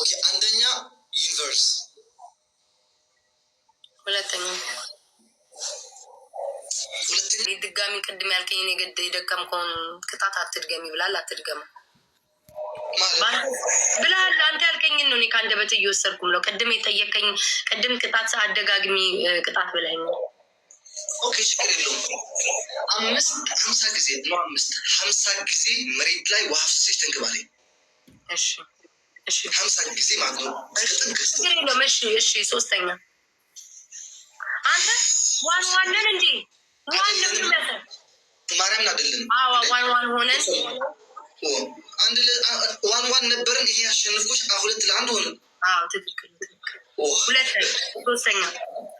ኦኬ፣ አንደኛ ዩኒቨርስ፣ ሁለተኛ ድጋሚ ቅድም ያልከኝ እኔ የደከምከውን ቅጣት አትድገሚ ብላል። አትድገም ብላል። አንተ ያልከኝን ነው እኔ ከአንደበት ቅድም የጠየቀኝ ቅድም ቅጣት አደጋግሚ ቅጣት ብላኝ ነው። ኦኬ፣ ችግር የለውም። አምስት ሀምሳ ጊዜ ነው። አምስት ሀምሳ ጊዜ መሬት ላይ ውሃ ፍሰሽ እሺ ሶስተኛ ዋን ዋን ነበርን። ይሄ አሸንፎች ሁለት ለአንድ ሆነ። ትክክል፣ ትክክል። ሁለተኛ፣ ሶስተኛ።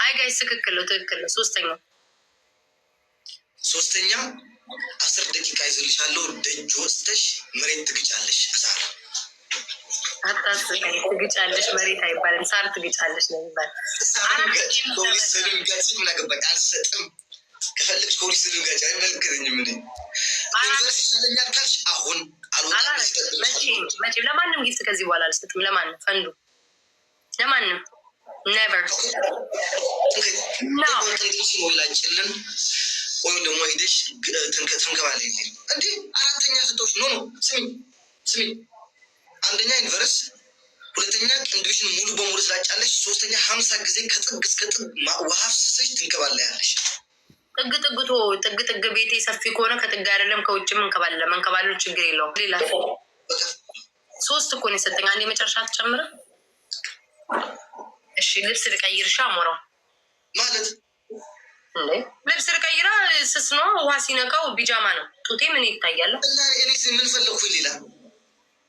አይ ጋይስ፣ ሁለተኛ አይ ጋይስ ትክክል ነው ትክክል ነው ሶስተኛ ሶስተኛ አስር ደቂቃ ይዘልሻለሁ። ደጅ ወስደሽ መሬት ትግጫለሽ። አሳራ አታስቀኝ ትግጫለሽ፣ መሬት አይባልም ሳር ትግጫለሽ ነው የሚባል። ለማንም ጊፍት ከዚህ በኋላ አልሰጥም። ለማንም ፈንዱ ለማንም ነቨር ሞላችልን ወይም ደግሞ ሄደሽ ትንከባለ እንዴ አራተኛ ስጦች ኖ ነው ስሚ ስሚ አንደኛ ዩኒቨርስ፣ ሁለተኛ ቅንድብሽን ሙሉ በሙሉ ስላጫለሽ፣ ሶስተኛ ሀምሳ ጊዜ ከጥግ እስከ ጥግ ውሃ ፍስሰሽ ትንከባለያለሽ። ጥግ ጥግ ቶ ጥግ ጥግ ቤቴ ሰፊ ከሆነ ከጥግ አይደለም ከውጭም እንከባለ መንከባሉ ችግር የለውም። ሌላ ሶስት እኮ ነው የሰጠኝ። አንድ የመጨረሻ ትጨምረ። እሺ ልብስ ልቀይርሻ ሞራው ማለት ልብስ ልቀይራ ስስ ነው። ውሃ ሲነካው ቢጃማ ነው። ጡቴ ምን ይታያለሁ? ምን ፈለግኩኝ ሌላ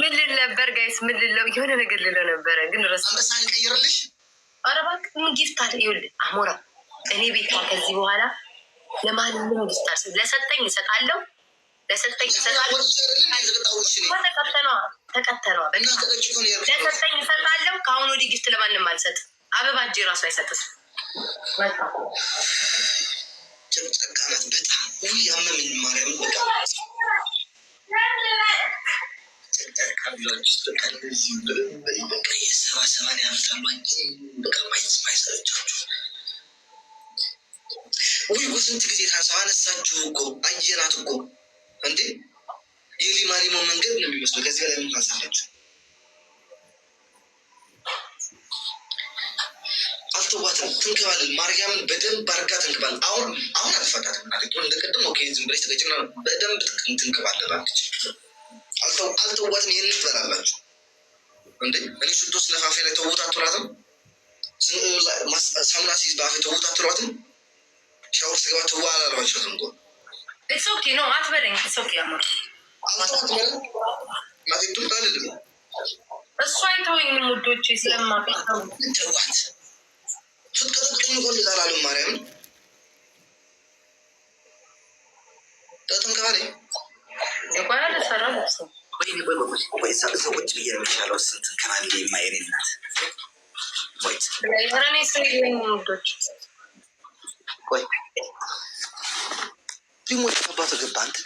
ምን ልል ነበር ጋይስ? ምን ልለው የሆነ ነገር ልለው ነበረ ግን ረስ ቀይርልሽ። ኧረ እባክህ ምን ጊፍት አለ? ይኸውልህ አሞራ እኔ ቤታ ከዚህ በኋላ ለማንም ጊፍት አልሰ ለሰጠኝ እሰጣለሁ። ለሰጠኝ እሰጣለሁ። ተቀተነዋ ተቀተነዋ። ለሰጠኝ እሰጣለሁ። ከአሁን ወዲህ ጊፍት ለማንም አልሰጥ። አበባ እጄ ራሱ አይሰጥም። በጣም ያመምን ማርያም በቃ ውይ በስንት ጊዜ ታንሳ አነሳችሁ እኮ አየናት እኮ እንዴ! የሊማሊሞ መንገድ ነው የሚመስለው። ከዚህ በላይ ምን ታንሳለች? አልተዋትም። ትንክባልን። ማርያምን በደንብ አርጋ ትንክባል። አሁን አሁን አልፈታትም። እናገ እንደቀድሞ ዝም ብለሽ ተገጭና በደንብ ትንክባለላለች። ሰው አልተዋትም ይህን ትበላላችሁ እንዴ? እኔ ሽቶ ስነፋፌ ላይ ተውት አትሏትም? ሳሙና ሲይዝ በአፌ ተውት አትሏትም? ሻወር ስገባ ተዋ አላሏቸትም እኮ ኦኬ ነው አትበለኝ። ኦኬ አማር አልተዋትም አይደለም እሱ አይተወኝም ውዶቼ ስለማቀ ተዋት ሰዎች ብዬ ነው የሚሻለው። ስንት ከባል ማየኔ ናት። ሪሞት አባቱ ገባ። አንተ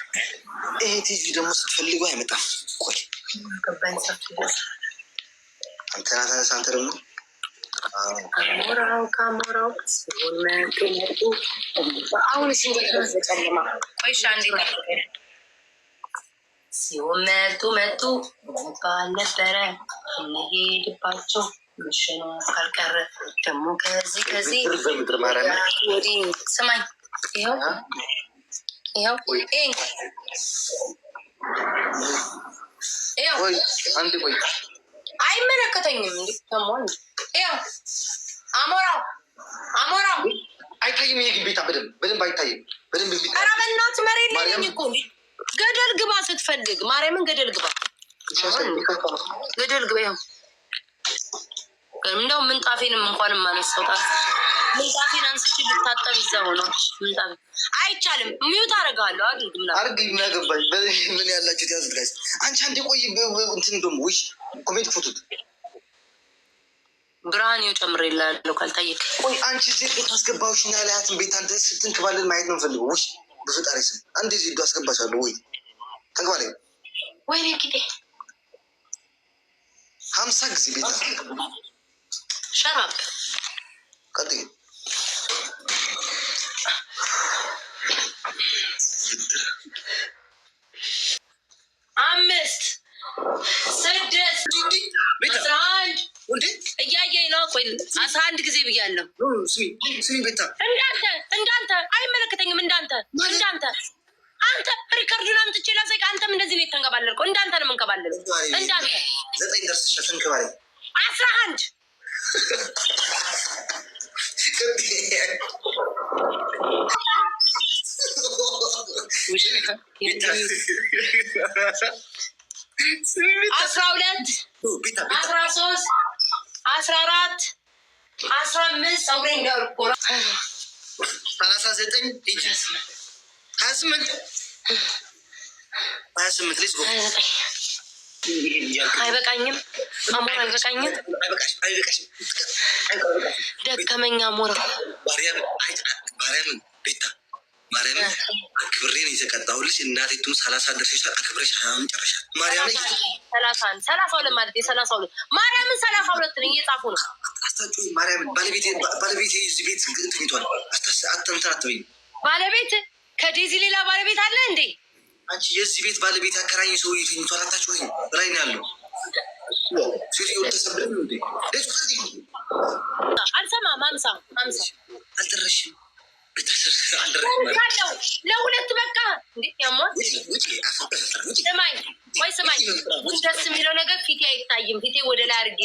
ይሄ ቲጂ ደግሞ ስትፈልገው አይመጣም። ቆይ አንተና ተነሳ። አንተ ደግሞ አሁን ሲንገ ቆይሻ እንዴ ሲሆን መጡ መጡ መባል ነበረ እንሄድባቸው ምሽኑ ካልቀረ ደግሞ ከዚህ ከዚህ ወዲህ ስማኝ፣ ይኸው ይኸው አንድ ቆይ አይመለከተኝም። እንዲ ደግሞ ይኸው አሞራው አሞራው አይታይም። ይሄ ግንቤታ በደንብ በደንብ አይታይም። በደንብ ኧረ በእናትህ መሬት ላይ ነኝ እኮ ገደል ግባ ስትፈልግ፣ ማርያምን ገደል ግባ፣ ገደል ግባ። ያው እንደው ምንጣፌንም እንኳን ማነሳውታል። ምንጣፌን አንስቼ ልታጠብ እዛ ሆነች። ምንጣፌ አይቻልም። ሚዩት አደርጋለሁ። አድርግ ምና አርግ የሚያገባኝ ምን ያላችሁት ያዙት ጋይስ። አንቺ አንዴ ቆይ እንትን ደሞ ውሽ ኮሜንት ፉቱት ብርሃን ይው ጨምር ይላለሁ ካልታየክ ቆይ አንቺ እዚህ ቤት አስገባዎችና ላያትን ቤት አንተ ስትንክባለን ማየት ነው ፈልገው ውሽ ብዙ ስም አንድ ዚህ ዱ አስገባሻለሁ ወይ ተግባር ወይኔ ጊዜ ሀምሳ ጊዜ ቤት ሸራብ ቀጥ አምስት ስድስት አስራ አንድ እያየኝ ነው። ቆይ አስራ አንድ ጊዜ ብያለሁ። ስሚ ቤታ እንደ እንዳንተ ነው የምንከባለለው። እንዳንተ ዘጠኝ ደርስሻል ትንክባለ አስራ አንድ አስራ ሁለት አስራ ሶስት አስራ አራት አስራ አምስት ፀጉሬ እንዳልቆ ሰላሳ ዘጠኝ ሀያ ስምንት ሀያ ስምንት ልጅ አይበቃኝም፣ አሞር አይበቃኝም፣ ደከመኝ አሞር ማርያምን ቤታ ማርያምን የተቀጣሁልሽ እናቴቱም ሰላሳ ደርሰሻል። ጨረሻል። ማርያምን ሰላሳ ሁለት ማለት የሰላሳ ሁለት ማርያምን ሰላሳ ሁለት ነው እየጻፉ ነው። አስታጩ ማርያምን ባለቤቴ እዚህ ቤት አትበኝ። ባለቤት ከዴዚ ሌላ ባለቤት አለ እንዴ? አንቺ የዚህ ቤት ባለቤት አከራኝ ሰው ይትኝ ተራታች ወይ ራይን ያለው። ሴትዮ ተሰብለ እንዴ አልሰማም። አምሳ አምሳ አልደረሽም ለሁለት በቃ ስማኝ ወይ ስማኝ፣ ደስ የሚለው ነገር ፊቴ አይታይም። ፊቴ ወደ ላይ አድርጌ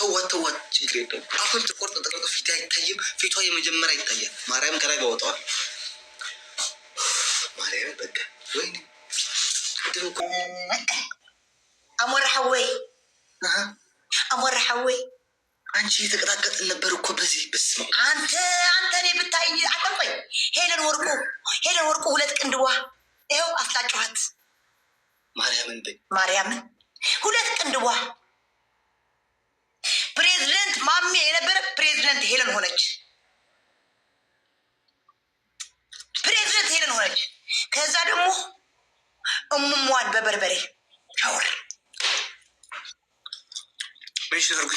ተወት ተወት ፊት የለም። አሁን ጥቁር ተጠቅልቆ ፊት አይታይም። ፊቷ የመጀመሪያ ይታያል። ማርያም ከላይ ባወጣዋል። ማርያም በቃ ወይኔ አሞራ ሐወይ አንቺ እየተቀጣቀጥን ነበር እኮ በዚህ በስመ አንተ አንተ እኔ ብታይ አጠቆኝ። ሄለን ወርቁ ሄለን ወርቁ ሁለት ቅንድቧ ይኸው አስላጭኋት። ማርያምን ማርያምን ሁለት ቅንድዋ ታሜ የነበረ ፕሬዚደንት ሄለን ሆነች።